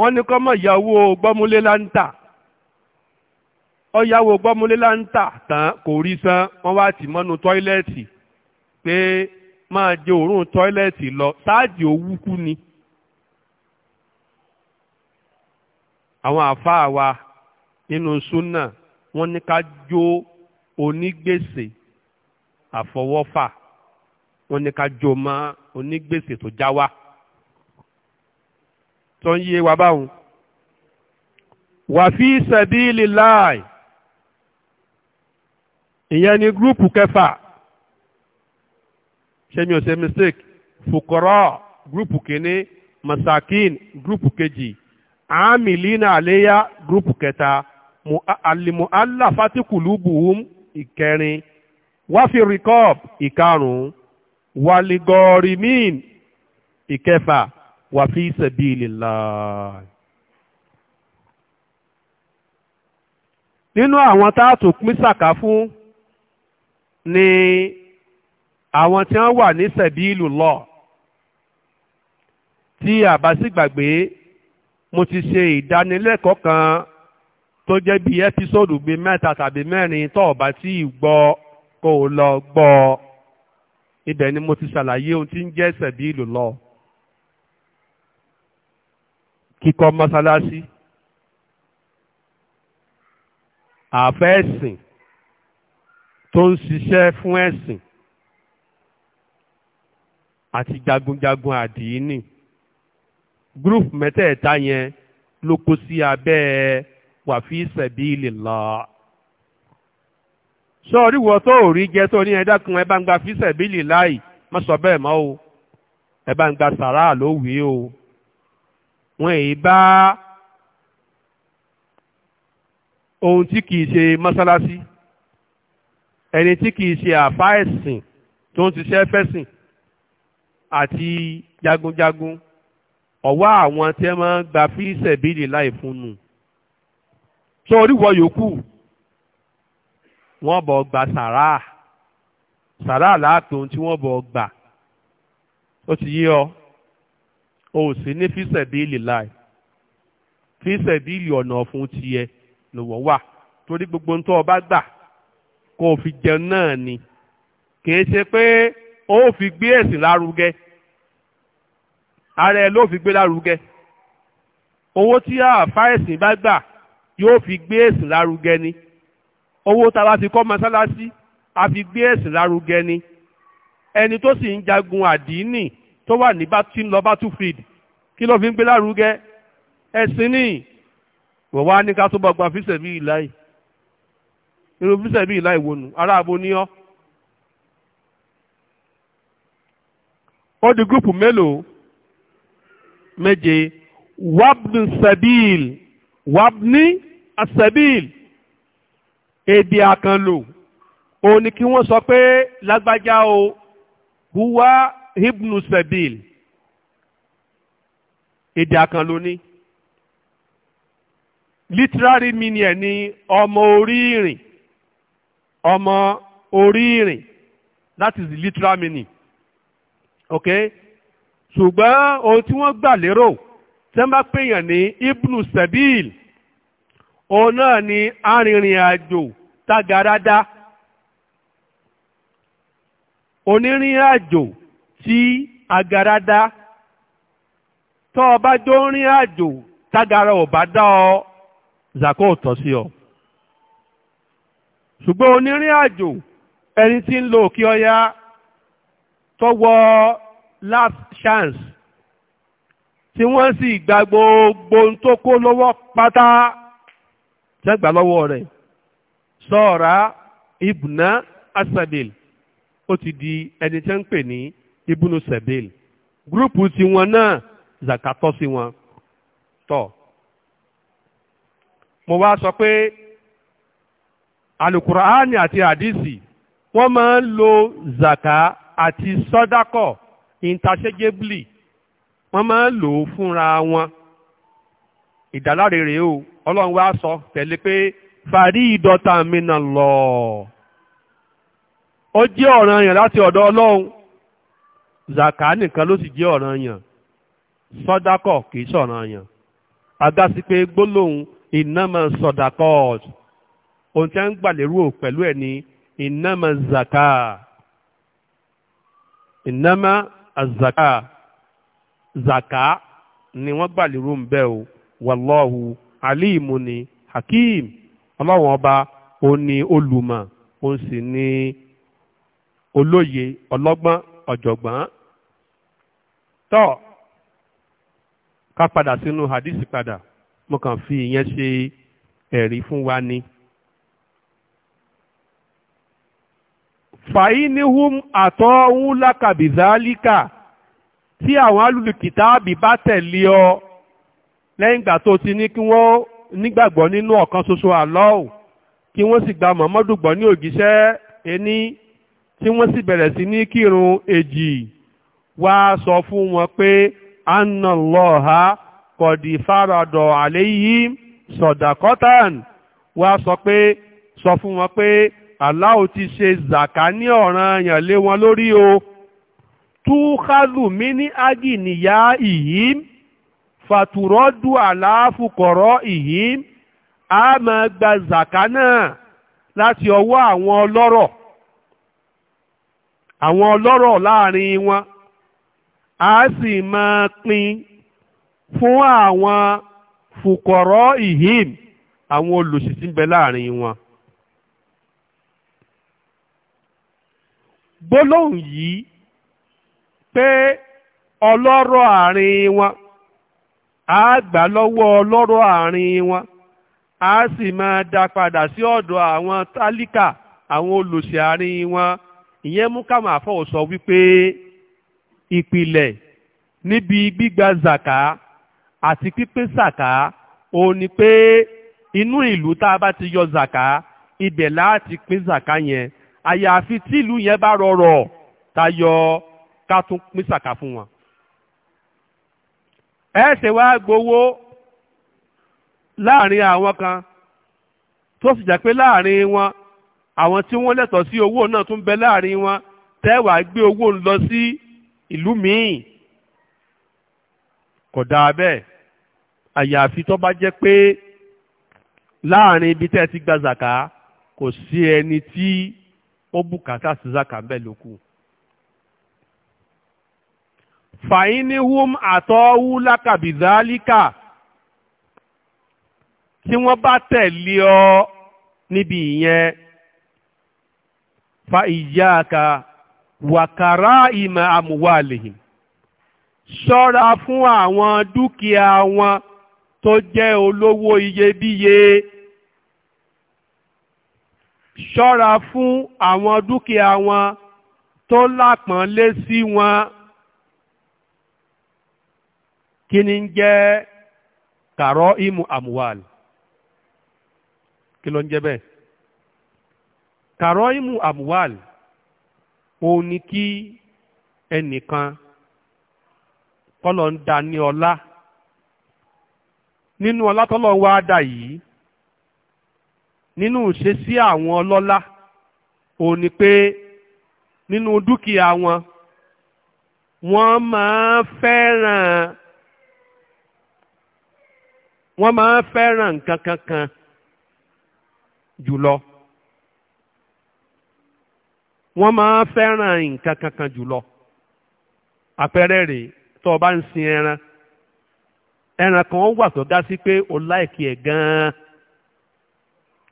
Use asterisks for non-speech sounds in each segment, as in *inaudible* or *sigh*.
wọ́n ní kọ́ mọ̀ ìyàwó gbọ́múlé láńtà ọ̀yàwó gbọ́múlé láńtà tán kò rí san wọ́n wá tì mọ́nu tọ́ílẹ̀tì pé máa jẹ òórùn tọ́ílẹ̀tì lọ sáàjì owú kú ni. àwọn àáfàá wa nínú súnà wọ́n ní ká jó onígbèsè àfọwọ́fà wọ́n ní ká jó mọ́ onígbèsè tó já wa tó ń yé wa báwọn. wàfí sẹ́bíìlì láì ìyẹn ni gúrúùpù kẹfà ṣé mi ò ṣe mistake fukọrọ gúrúùpù kìíní masakin gúrúùpù kejì amìlínà àléyá gúrúùpù kẹta alimu aláfatikulubuhum ìkẹrin wáfírikọp ìkarùnún wàlígọrìmín ìkẹfà wà fi sabilillah. nínú àwọn tá a tún pín sàká fún ni àwọn tí wọ́n wà ní sabilillah tí àbá sì gbàgbé mo ti ṣe ìdánilẹ́kọ̀ọ́ kan tó jẹ́ bí ẹ́písòdù bíi mẹ́ta tàbí mẹ́rin tó o tí gbọ́ kó lọ gbọ́ ibẹ̀ ni mo ti ṣàlàyé ohun tí ń jẹ́ sẹ̀bílù lọ kíkọ́ mọ́sálásí àfẹ́ ẹ̀sìn tó ń ṣiṣẹ́ fún ẹ̀sìn àti jagunjagun àdìíní group mẹ́tẹ̀ẹ̀ta yẹn ló kó sí abẹ́ wàfí sabilillah sọ́ọ̀rí wọ tó ò rí jẹ́ tó ní ẹ̀dá kan ẹ bá ń gba fi sabilillah má sọ bẹ́ẹ̀ mọ́ o ẹ bá ń gba sàrà lówìí o wọn èyí bá ohun tí kìí ṣe mọ́sálásí ẹni tí kìí ṣe àfá ẹ̀sìn tó ń ṣiṣẹ́ fẹ́sìn àti jagunjagun ọ̀wọ́ àwọn tí wọ́n máa ń gba fíìsẹ̀ bíìlì láì fún nù tó oríwọ yòókù wọ́n bọ̀ gba sàrà sàrà láàtò tí wọ́n bọ̀ gbà ó ti yé ọ o ò sí ní fíṣẹ̀díìlì láì fíṣẹ̀díìlì ọ̀nà ọ̀fun tiẹ̀ lọ́wọ́ wà torí gbogbo ń tó o bá gbà kó fi jẹun náà ni kìí ṣe pé o ò fi gbé ẹ̀sìn lárugẹ ara ẹ ló fi gbé lárugẹ owó tí àáfà ẹ̀sìn bá gbà yóò fi gbé ẹ̀sìn lárugẹ ni owó tá a bá fi kọ́ mọ́sálásí a fi gbé ẹ̀sìn lárugẹ ni ẹni tó sì ń jagun àdínì tó wà ní tí ń lọ battlefield kí ló fi ń gbé lárugẹ ẹ̀sìn ní wọ́n wá ní ká tó bọ́ gba fíṣẹ̀ bí ìláì irú fíṣẹ̀ bí ìláì wọnù ará abo ní ọ́. ó di gúrùpù mélòó méje wabni sabil wabni asabil èdè àkànlò òun ni kí wọ́n sọ pé lágbájá o huwa ibnu sabil èdè àkànlò ni literary meaning ẹ̀ ni ọmọ orí ìrìn ọmọ orí ìrìn that is the literal meaning okay ṣùgbọ́n ohun tí wọ́n gbà lérò tí wọ́n bá pèèyàn ní ibnu sabil òun náà ni arìnrìn àjò tagarada onírìn àjò tí agara dá tọ́ ọ bá jó ń àjò tágara ò dá ọ zàkó ò tọ́ sí ọ ṣùgbọ́n onírìn àjò ẹni tí ń lo òkè ọya tọ́wọ́ last chance tí wọ́n sì gba gbogbo ohun tó kó lọ́wọ́ pátá tẹ́gbà lọ́wọ́ rẹ̀ sọ́ọ̀rá ibùnà asabil ó ti di ẹni tẹ́ ń pè ní ibùnú sẹ̀bẹ̀l gúrùpù tiwọn náà zakatọ́ sí wọn tọ̀ mo wá sọ pé alukuraani àti hadisi wọ́n máa ń lo zaka àti sọ́dákọ̀ interchangeably wọ́n máa ń lò ó fúnra wọn ìdáláre rèé o ọlọ́run wá sọ tẹ̀lé pé fàrí ìdọ́ta mi náà lọ ó jẹ́ ọ̀ranyàn láti ọ̀dọ̀ ọlọ́run zaka nìkan ló sì jẹ́ ọ̀ranyàn sọ́dákọ̀ kìí àga agasi pé gbólóhùn ìnáma sọ̀dákọ̀ ohun tí a ń gbàlérò pẹ̀lú ẹ̀ ní ìnáma zaka ìnáma azaka zaka ni wọ́n gbàlérò ń bẹ́ o wàlọ́hu alimu ni hakim ọlọ́wọ́n ọba ó ní olùmọ̀ ó sì ní olóye ọlọ́gbọ́n ọ̀jọ̀gbọ́n. tọ́ ká padà sínú hadisi padà mo kàn fi ìyẹn ṣe ẹ̀rí fún wa ni. fàínihùn àtọ́hún lákàbìzálíkà tí àwọn alùlùkìtàbí bá tẹ̀lé ọ lẹ́yìn ìgbà tó ti ní kí wọ́n nígbàgbọ́ nínú ọ̀kan ṣoṣo àlọ́ọ̀ kí wọ́n sì gba mọ̀mọ́dù gbọ́ ní òjíṣẹ́ ení tí wọ́n sì bẹ̀rẹ̀ sí ní kírun èjì wá sọ fún wọn pé annalọ́ha kọ̀dì fáradọ̀ àléyí sọ̀dàkọ́tàn wá sọ pé sọ fún wọn pé aláwo ti ṣe zàká ní ọ̀ràn yàn lé wọn lórí o túkàlù mí ní agìnìyá ìyí fàtúrọ́dù àláfùkọ̀rọ̀ ìyí a máa gba zàká náà láti ọwọ́ àwọn ọlọ́rọ̀ àwọn ọlọ́rọ̀ láàrin wọn a sì máa pin fún àwọn fukọrọ ìhìn àwọn olùsìsí ń bẹ láàrin wọn. gbólóhùn yìí pé ọlọ́rọ̀ àárín wọn agba gbà lọ́wọ́ ọlọ́rọ̀ àárín a sì máa da padà sí ọ̀dọ̀ àwọn tálíkà àwọn olùsìn àárín wọn ìyẹn mú káwọn àfọwọ́sọ wípé. ìpìlẹ̀ níbi gbígba zàká àti pípé zàká ó ní pé inú ìlú tá a bá ti yọ zàká ibẹ̀ láti pín zàká yẹn àyàfi tí ìlú yẹn bá rọrọ̀ tayọ ká tún pín zàká fún wọn. ẹ ṣe wá gbowó láàrin àwọn kan tó sì jẹ́ pé láàrin wọn àwọn tí wọ́n lẹ́tọ̀ọ́ sí owó náà tún bẹ láàrin wọn tẹ́wàá gbé owó ń lọ sí ìlú míì kò dáa bẹ́ẹ̀ àyàfi tó bá jẹ́ pé láàrin ibi tẹ́ ẹ ti gba zàká kò sí ẹni tí ó bùkátà sí zàká ń bẹ lókù. fàínihùm àtọ́wú lákàbìzálíkà tí wọ́n bá tẹ̀lé ọ níbi ìyẹn fa ìyá ka wàkàrà ìmọ̀ àmúwàlìhìn ṣọ́ra fún àwọn dúkìá wọn tó jẹ́ olówó iyebíye ṣọ́ra fún àwọn dúkìá wọn tó lápọ̀nlé sí wọn kí ni ń jẹ́ kàrọ́ ìmù àmúwàlì kí ló ń jẹ́ bẹ́ẹ̀ kàrọ́ ìmù àmúwàlì òun ni kí ẹnìkan tọ́lọ̀ ń da ní ọlá nínú ọlá tọ́lọ̀ wá dà yìí nínú ìṣesí àwọn ọlọ́lá òun ni pé nínú dúkìá wọn wọ́n máa fẹ́ràn wọ́n máa fẹ́ràn nǹkan kankan jùlọ. wọ́n máa fẹ́ràn nǹkan kankan jùlọ àpẹẹrẹ rèé tó o bá ń sin ẹran ẹran kan wà tó dá sí pé o láìkì ẹ̀ gan-an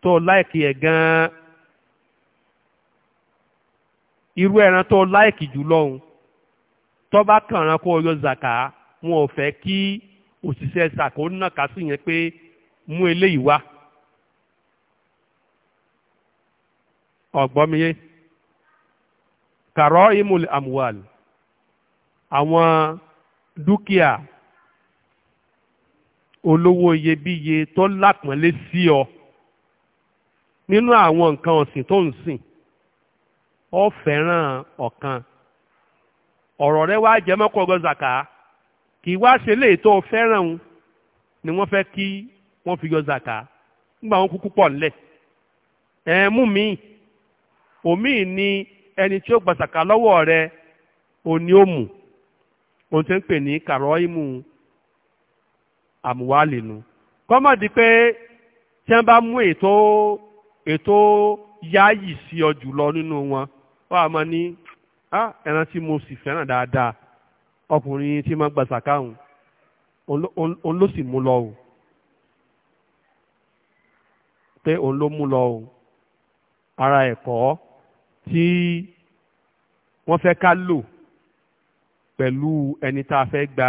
tó o láìkì ẹ̀ gan-an irú ẹran tó o láìkì jùlọ òun tó bá kàn án kó o yọ zàkà wọn ò fẹ́ kí òṣìṣẹ́ zàkà ó nàka sí yẹn pé mú eléyìí wá ọ̀gbọ́n mi yé. kàrọ́ imul amwal àwọn dúkìá olówó iyebíye tó lápọ̀nlé sí ọ nínú àwọn nǹkan ọ̀sìn tó ń sìn ọ fẹ́ràn ọ̀kan ọ̀rọ̀ rẹ wá jẹ́ mọ́kọ̀ọ́gọ́ zaka kì í wá ṣe léè tó o fẹ́ràn un ni wọ́n fẹ́ kí wọ́n fi yọ zaka nígbà wọn kúkú pọ̀ nílẹ̀ ẹ̀ mú mi òmíì ni ẹni tí ó lọwọ sàká lọ́wọ́ rẹ òní ó mú ohun tí ń pè ní kàrọ́ ìmú àmúwálìnu kọ́mọ̀dé pé tí wọ́n bá mú ètò ètò yáàyì sí ọ jùlọ nínú wọn wọ́n á máa ní ẹran tí mo sì fẹ́ràn dáadáa ọkùnrin tí máa ń gba òun òun ló sì mú lọ o pé òun ló mú lọ o ara ẹ̀kọ́ tí wọ́n fẹ́ ká lò pẹ̀lú ẹni tá a fẹ́ gba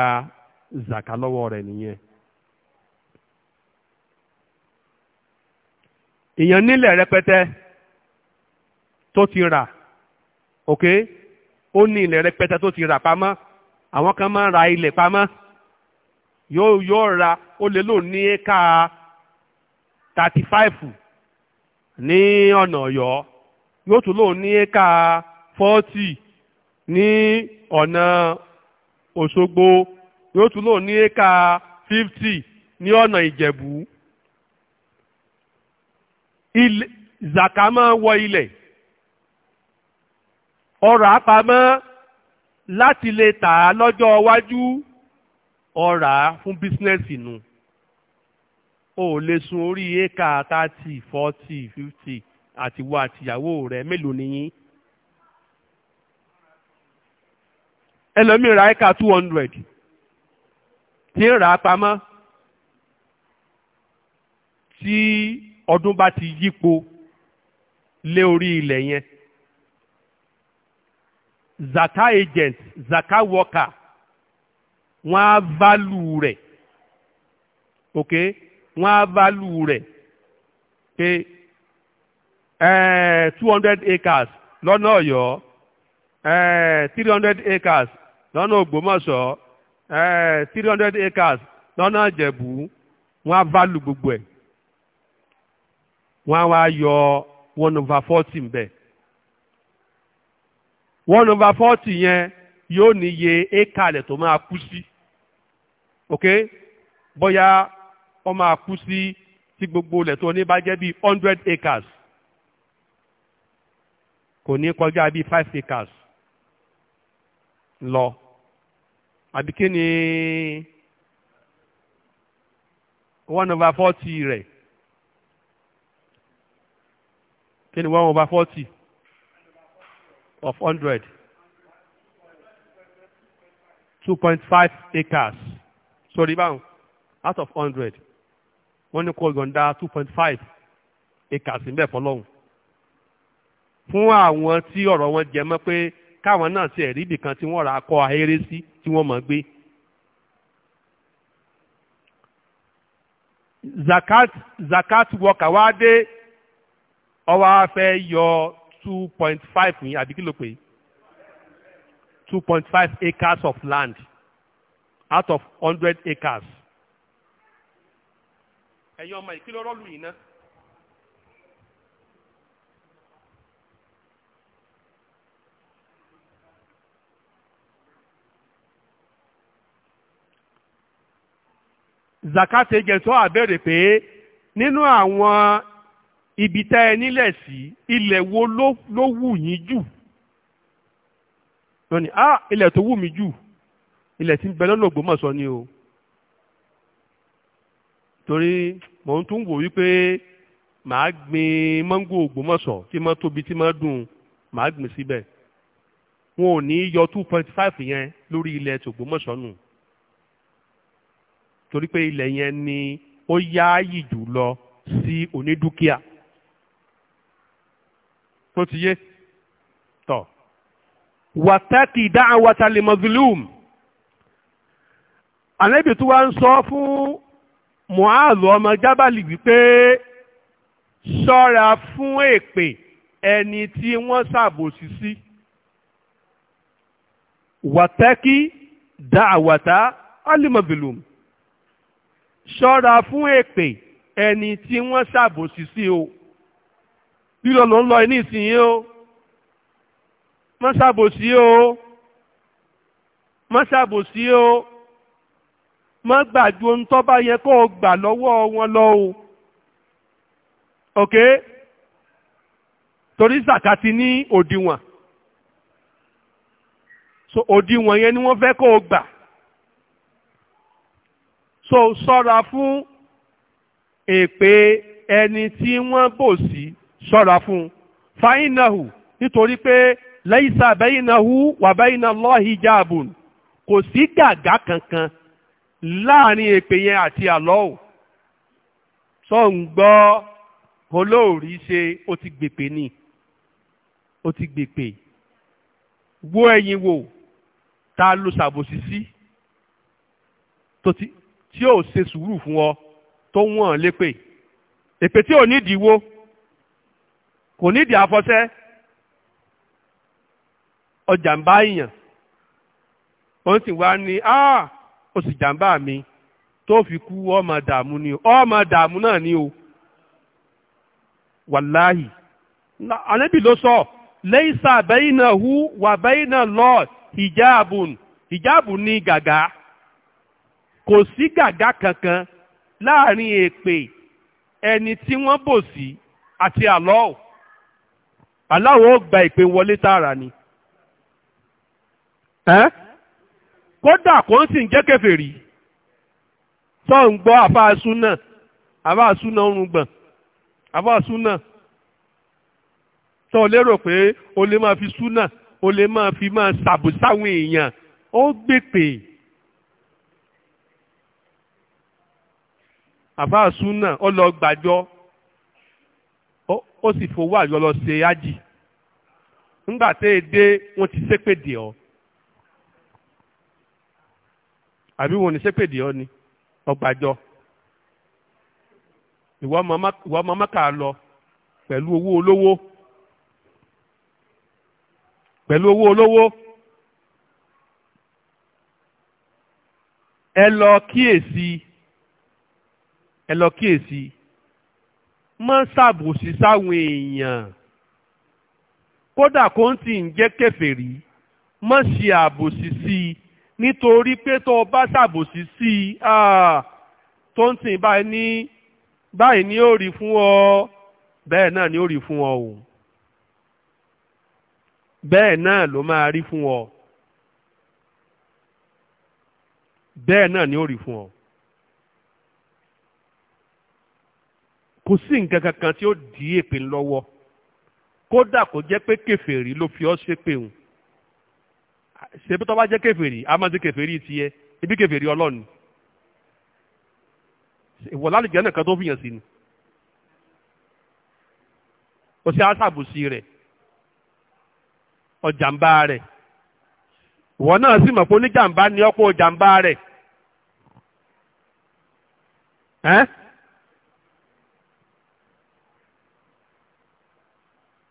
zàkà lọ́wọ́ rẹ̀ nìyẹn. èèyàn nílẹ̀ rẹpẹtẹ tó ti rà ok ó ní ilẹ̀ rẹpẹtẹ tó ti rà pamọ́ àwọn kan máa ń ra ilẹ̀ pamọ́ yóò yóò ra ó lè lò ní éka thirty five ní ọ̀nà ọ̀yọ́ yóò tún lòun ní éka fọ́ọ̀tì ní ọ̀nà Òṣogbo yóò tún lòun ní éka fífítì ní ọ̀nà Ìjẹ̀bú zàkà máa wọ ilẹ̀ ọrọ̀ àpamọ́ láti lè tà á lọ́jọ́ iwájú ọrà fún bísínẹ́sì nù o lè sun orí éka thirty forty fifty àtiwọ àtìyàwó rẹ mélòó nìyí. ẹlòmíì ra ẹ̀ka two hundred tí ń rà á pamọ́ tí ọdún bá ti yípo lé orí ilẹ̀ yẹn zaka agent zaka worker wọ́n á válù rẹ̀ ok wọ́n á válù rẹ̀ pé. Okay? 200 eh, acres lọ́nà ọ̀yọ́ eh, three hundred acres lọ́nà ògbómọ̀ṣọ́ eh, three hundred acres lọ́nà ìjẹ̀bú wọ́n á válù gbogbo ẹ̀ wọ́n á wá yọ one over forty mbẹ̀ one over forty yẹn yóò níye ékalẹ̀ tó máa kú sí ok bóyá wọ́n máa kú sí tí gbogbo ilẹ̀ tó ní bá jẹ́ bíi hundred acres kò ní kọjá bíi five acres lọ àbí kí ni one over forty rẹ̀ kí ni one over forty of hundred two point five acres sorry báwọn out of hundred wọ́n ní kó yọ̀ǹda two point five acres ń bẹ̀ fọlọ́hùn. fún àwọn tí ọ̀rọ̀ wọn jẹ mọ́ pé káwọn náà ṣe ẹ̀rí ibìkan tí wọ́n ra akọ ahéré sí tí wọ́n mọ̀ gbé. zakat zakat wọkà wá dé ọwọ́ afẹ́ yọ two point five ní àbí kí ló pé two point five acres of land out of hundred acres. ẹ̀yin ọmọ ìkìlọ̀ rọ́ọ̀lù yìí náà. zakat agent wà bẹ̀rẹ̀ pé nínú àwọn ibi tẹ́ ẹ nílẹ̀ sí ilẹ̀ wo ló wù yín jù wọ́n ní ah ilẹ̀ tó wù mí jù ilẹ̀ tí ń bẹ lọ́nà Ògbómọ̀ṣọ́ ni o torí mò ń tún wò wípé màá gbin mọ́ngò Ògbómọ̀ṣọ́ tí mo tóbi tí mo dùn màá gbin síbẹ̀ wọn ò ní yọ two point five yẹn lórí ilẹ̀ tògbómọ̀ṣọ́ nù torí pé ilẹ̀ yẹn ni ó yááyì jù lọ sí onídúkìá tó ti yé tọ̀ wàtẹ́kì dáhàwátà lè mọ̀zílùm àlẹ́bì tó wá ń sọ fún Mu'adh ọmọ jábàlì wípé ṣọ́ra fún èpè ẹni tí wọ́n ṣàbòsí sí wàtẹ́kì dáhàwátà alimọ̀zílùm ṣọ́ra fún èpè ẹni tí wọ́n ṣàbòsí sí o lílọ ló ń lọ ní ìsinyìí o má ṣàbòsí o má ṣàbòsí o má gbàgbé ohun tó bá yẹ kó o gbà lọ́wọ́ wọn lọ o ok torí sàkàtì ní òdiwọ̀n so òdiwọ̀n yẹn ni wọ́n fẹ́ kó o gbà so ṣọ́ra fún èpè ẹni tí wọ́n bò sí ṣọ́ra fún fàínàhù nítorí pé lẹ́yìísà bẹ́yìnàhù wà bẹ́yìnà lọ́hìí jáàbùn kò sí gàgá kankan láàrin èpè yẹn àti àlọ́ọ̀ sọ ń gbọ́ olóòrí ṣe ó ti gbèpè ni ó ti gbèpè wo ẹ̀yìn wò ta ló ṣàbòsí sí tó ti tí ò ṣe sùúrù fún ọ tó wọ́n lépè èpè tí ò nídìí wó kò nídìí àfọ̀ṣẹ́ ọjà ń èèyàn òun sì wá ní á ah, ó sì jàmbá mi tó fi kú ọmọ dààmú ni ọmọ dààmú náà ni o wàláhì ànábì ló sọ lẹ́yìn sáà bẹ́yìn náà hu wà bẹ́yìn náà lọ hijabun hijabu ní gàgà. kò sí gàgá kankan láàrin èpè ẹni tí wọ́n bò sí àti àlọ́ọ̀ aláwọ̀ ó gba ìpè wọlé tààrà ni kódà kò ń sì ń jẹ́ kèfèrí tó ń gbọ́ àfáàsú náà àfáàsú náà ń rùngbọ̀n àfáàsú náà tó lérò pé o lè máa fi súnà o lè máa fi máa ṣàbùsáwọn èèyàn ó gbèpè. àfáà súnà ó lọ gbàjọ ó sì fowó àjọ lọ ṣe ájì ńgbà tẹ́ ẹ dé wọ́n ti ṣépèdè ọ́ àbí wọn ò ṣépèdè ọ́ ni ọgbàjọ ìwọ ọmọ mọ́kà lọ pẹ̀lú owó olówó pẹ̀lú owó olówó ẹ lọ kíyèsí ẹ lọ kíyèsí má ṣàbòsí sáwọn èèyàn kódà kó ń tì ń jẹ́ kèfèrí má ṣe àbòsí sí i nítorí pé tó o bá ṣàbòsí sí i ah, tó ń tì báyìí ní báyìí ni ó rí fún ọ bẹ́ẹ̀ náà ni ó rí fún ọ o bẹ́ẹ̀ náà ló máa rí fún ọ bẹ́ẹ̀ náà ni ó rí fún ọ. kò sí nǹkan kankan tí ó dí èpè lọ́wọ́ kódà kò jẹ́ pé kèfèrí ló fi ọ́ ṣépè hùn ṣebí tó bá jẹ́ kèfèrí a máa ṣe kèfèrí tiẹ̀ ibi kèfèrí ọlọ́run ìwọ lálùjẹ́ nìkan tó fìyàn sí ni ó ṣe aṣàbùsí rẹ̀ ọ̀jàmbá rẹ̀ ìwọ náà sì mọ̀ pé oníjàmbá ni ọ̀pọ̀ ọ̀jàmbá rẹ̀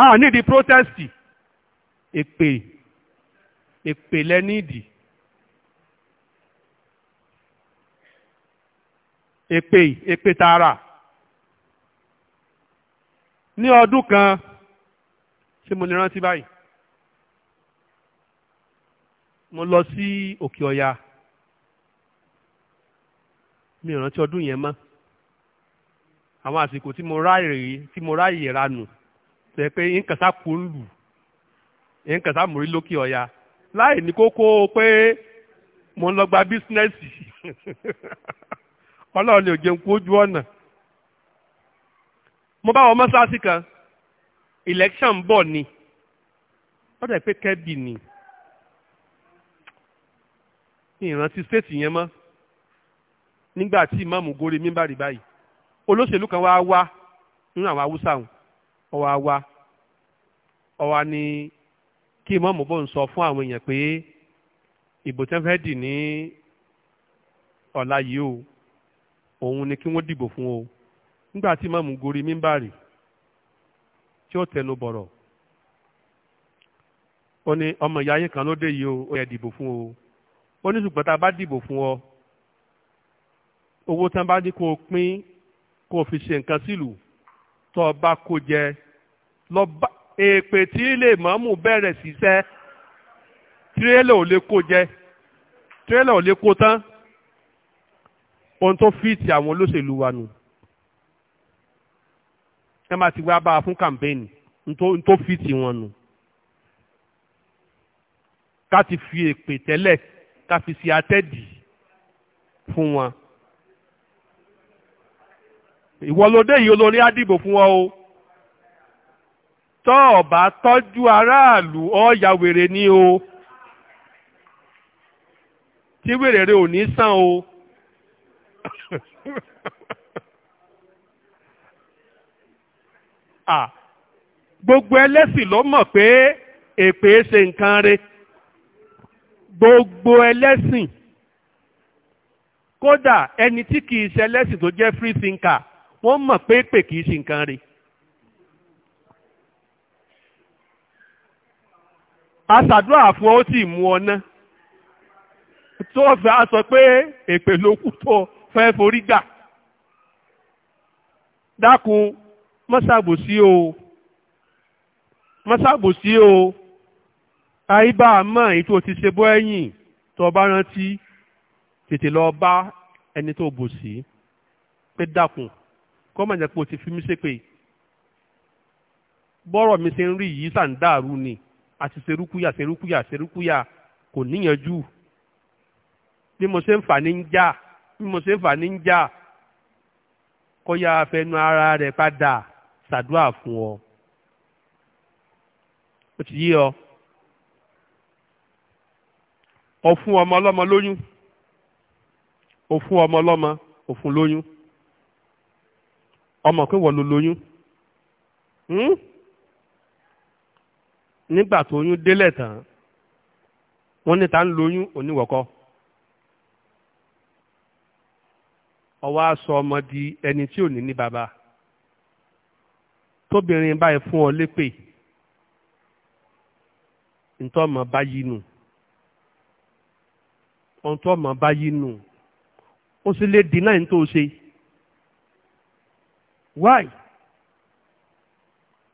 a nídìí protest èpè èpè lẹ nídìí èpè èpè tààrà ní ọdún kan ṣé mo lè rántí báyìí mo lọ sí òkè ọ̀yà mi ò rántí ọdún yẹn mọ́ àwọn àsìkò tí mo ráàyè tí mo ráàyè ranù ṣe pé kasa kú ń lù nkàsá mórí lókè ọ̀ya láì ní kókó pé mo ń lọ gba bísínẹ́sì *laughs* ọlọ́run ni ò jẹun kú ojú ọ̀nà. mo bá wọn mọ́sáàsì kan election ń bọ̀ ni wọ́n dẹ̀ pé kẹ́bì ni ìrántí state yẹn mọ́ nígbà tí ìmáàmù gorí mímbàrí báyìí olóṣèlú kan wá wá nínú àwọn haúsá wọn Ọwa wa ọwa ni kí ìmọ̀ọ́mù bò ń sọ fún àwọn èèyàn pé ìbò tí wọ́n fẹ́ ní ọ̀la yìí o òun ni kí wọ́n dìbò fún o nígbà tí ìmọ̀ọ́mù gorí mímbàrì tí ó tẹnu bọ̀rọ̀ ó ní ọmọ ìyá yín kan ló dé o ó dìbò fún o ó ní fún ọ owó bá ní kó o pín kó o fi ṣe nǹkan sílùú tó o bá kó jẹ lọ bá èpè tí ilé mọ́mù bẹ̀rẹ̀ ṣiṣẹ́ tirẹ́là ò lè kó jẹ tirẹ́là ò lè kó tán ohun tó fìtì àwọn olóṣèlú wa nù ẹ máa ti wá bá a fún kàmpẹ́ẹ̀nì n tó fìtì wọn nù ká ti fi èpè tẹ́lẹ̀ ká fi ṣe atẹ́dì fún wọn ìwọ ló dé yìí olórí á fún ọ o tọ́ ọ̀bá tọ́jú aráàlú ọ̀ọ́yà wèrè ni o tí wèrè rẹ ò ní sàn o *laughs* gbogbo ẹlẹ́sìn ló mọ̀ pé èpè ṣe nǹkan re gbogbo ẹlẹ́sìn kódà ẹni tí kìí ṣe ẹlẹ́sìn tó jẹ́ free thinker wọ́n mọ̀ pé pè kìí sí nǹkan rí aṣàdúrà fún ọ sì mú ọ ná tó fẹ́ a sọ pé èpè ló kú tó fẹ́ forí gbà dákun mọ́sàbòsí o mọ́sàbòsí o àyíbá àmọ́ èyí tó ti ṣe bọ́ ẹ̀yìn tó bá rántí tètè lọ bá ẹni tó bòsí pé dákun kọ́ mà jẹ́ pé o ti fi mí ṣépè bọ́rọ̀ mi ṣe ń rí yìí sàn dàrú ni àti ṣerúkúyà serukuya serukuya kò níyànjú bí mo ṣe ń fà ní ara rẹ̀ padà ṣàdúrà fún ọ o ti ọ ọ fún ọmọ ọlọ́mọ lóyún fún ọmọ pé wọ́n ló lóyún hmm? nígbà tó oyún délẹ̀ tán wọ́n ní ta ń lóyún oníwọ̀kọ́ ọwọ́ aṣọ ọmọ di ẹni tí ò ní ní bàbá tóbìnrin báyìí fún ọ lépè ntọ́mọ báyìí nù ọ̀ntọ́mọ báyìí nù ó sì lè dínà ní tó ṣe. why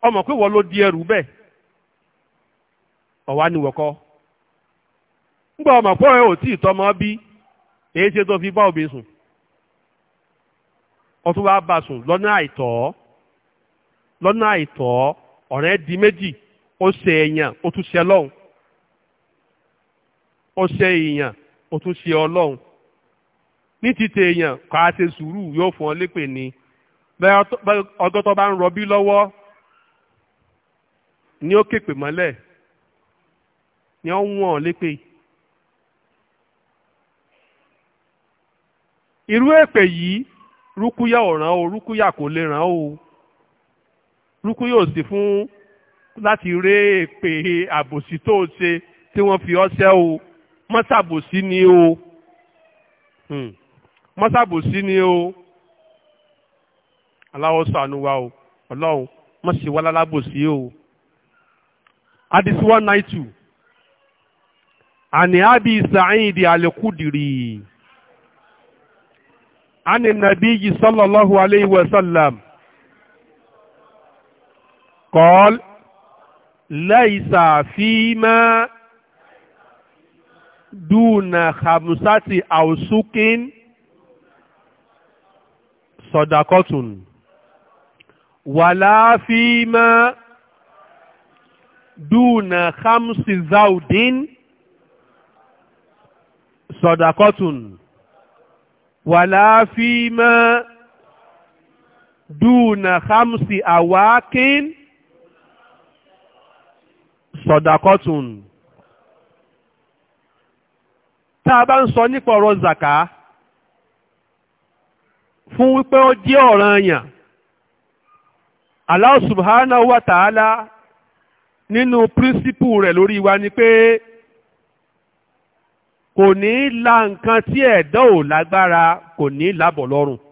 ọmọ pé wọ́n ló di ẹrù bẹ́ẹ̀ ọ̀wá ni wọ̀kọ́ ńgbà ọmọ ò tí ì tọmọ bí èyí ṣe tó fi bá òbí sùn ọtún wàá bá sùn lọ́nà àìtọ́ lọ́nà àìtọ́ ọ̀rẹ́ di méjì ó ṣe èèyàn ó tún ṣe ọlọ́run ó ṣe èèyàn ó tún ṣe ọlọ́run ní ti tèèyàn kọ́ á sùúrù yóò fún bẹ́ẹ̀ ọjọ́ tó bá ń rọbí lọ́wọ́ ni ó képe mọ́lẹ̀ ni ó wọ̀n lépè. irú èpè yìí rúkúyà ò ràn o rúkúyà kò lè ràn o rúkúyà ò sí fún láti ré èpè àbòsí tó o ṣe tí wọ́n fi ọ́ sẹ́ o mọ́sàbòsí ni o mọ́sàbòsí ni o. Hmm aláwọ̀ sànú wa o ọlọ́run má ṣe wá lálábòsí o. hadith one nine two ani abi sa'id al-kudri ani nabiyyi sallallahu alayhi wa sallam قال ليس فيما دون خمسة أوسق صدقة wàlá fi ma dúnà khamsi zaudin sọdakọtun wàlá fi ma dúnà khamsi awakin sọdakọtun tá a bá ń sọ nípa ọ̀rọ̀ zaka fún wípé ó jẹ́ ọ̀ranyàn Allah subhanahu wa ta'ala nínú pírísìpù rẹ̀ lórí wa ni pé kò la nǹkan tí ẹ̀dá ò lágbára kò ní lábọ̀